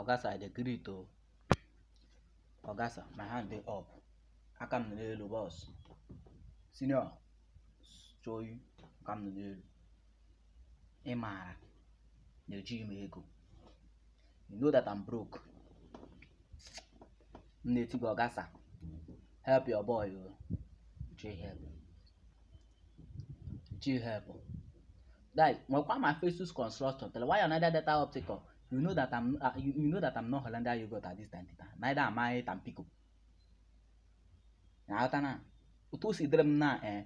ọgasa i dey greet o ọgasa my hand dey up aka m nọ n'elu bọs siniọ choyi aka m nọ n'elu ị maara na ejighị m ego you know that I'm broke m na-eti gị ọgasa help your boy o oh. chi help chi help like nwekwa my faces construction tell why another data optical you know that i'm uh, you, you know that i'm not hollander yogurt at this time neither am i tampico aghọta na otu o si dịrị m na eh,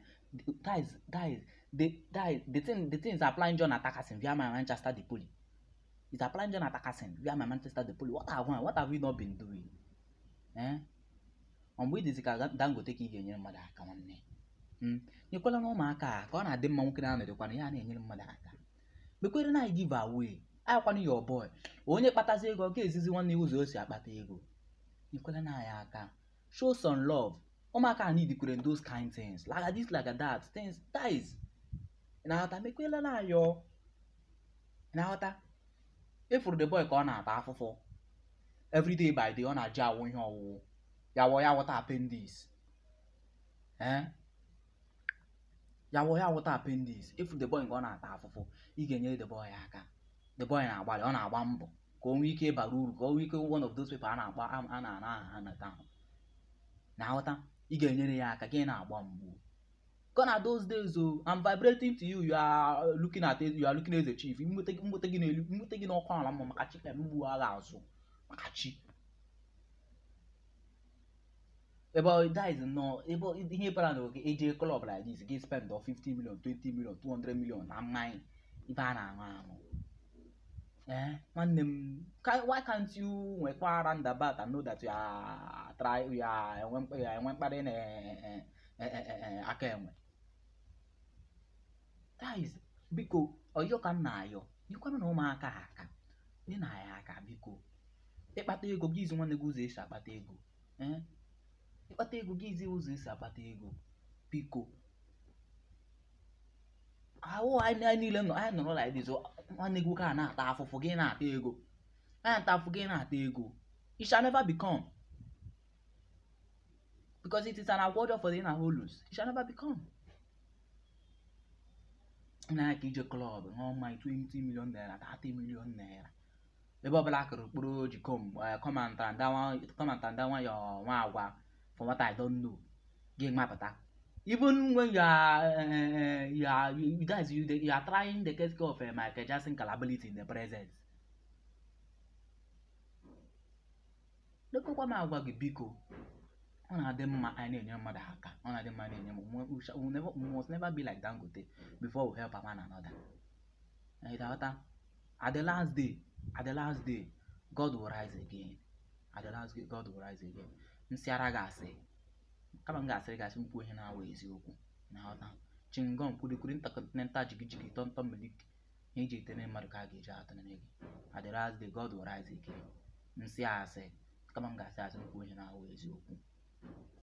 that is that is the that is the thing the thing is applying john atakasin via my manchester Depoli. poli is applying john atakasin via my manchester Depoli, poli what have we what have we not been doing eh ọ mgbe ịdịzi ka dangote ka ị ga-enyere mmadụ aka nwanne hmm? nyekwala na ụmụaka ka ọ na-adị mma nwoke na-anọdịkwana ya na-enyere mmadụ aka mekwere na anyị give away ayakwana ya boy onye kpatazi ego ga-ezizi nwanne ya ụzọ o si akpata ego ikwela na ya aka show some love ụmụaka need kwere those kind things like this like that things ties na-aghọta mekwela na ayọ na ahọta efuru the boy ka ọ na-ata afụfụ everyday by day ọ na-ajụ awụ ihe ọwụwụ ya wọ ya wụta appendix ee eh? ya wọ ya wụta appendix efuru the boy nke ọ na-ata afụfụ ị ga-enyere the boy aka the boy na-agbalị ọ na-agba mbọ ka o nwee ike bara uru ka o nwee ike one of those people a na-akpọ a na-ana aha ha na taa na aghọta ị ga-enyere ya aka gị na-agba mgbu gona those days o oh, I'm vibrating to you you are looking at you are looking as a chief mmute gị n'elu gị n'ọkwa ala mma maka chi ka mgbu agha azụ maka chi ebe that is no ebe ihe bara na oge eje klọb like this gị spend 50 million 20 million 200 million na mmanya ibe a na-aṅụ aṅụ eh nwanne m why can't you nwekwa round about and know that you are try you are enwe mkparị na eh, eh, eh, aka enwe guys biko ọyọ ka m na-ayọ na ụmụaka aka ndị na ya aka biko ịkpata ego gị izu nwanne gị ụzọ esi akpata ego ịkpata ego gị izi ụzọ esi akpata ego biko ahụ anyị niile anyị nọrọ like this nwanne gị nwoke a na-ata afụfụ gị na-ata ego anyị ata afụfụ gị na-ata ego it shall never become because it is an award for the inner hollows it shall never become na ka ije klọb ṅụọ mmanya 20 million naira 30 million naira ebe ọbụla akụrụ kpụrụ ji kọmanta ndanwa ya nwa agwa for what I don't know gị mapụta even when you are, uh, you are you, guys you, you are trying the case of uh, Michael Jackson in the present. lekọkwa m agwa gị biko ọ na-adị mma anyị na-enye mmadụ aka ọ na-adị mma na-enye m must never be like Dangote before we help one another. ịghọta at the last day at the last day God will rise again at the last day God will rise again m sịara gị asị kama m ga-asịrị gasị mkwu ihe na-awụ eziokwu na-aghọta chingom kwurikwuri ntakontinental jigijigi tọntọ milik ihe iji etenere mmadụ ka a ga-eji atụnere gị adịraz the god will rise again nsị asị kama m ga-asị asị mkwu ihe na-awụ eziokwu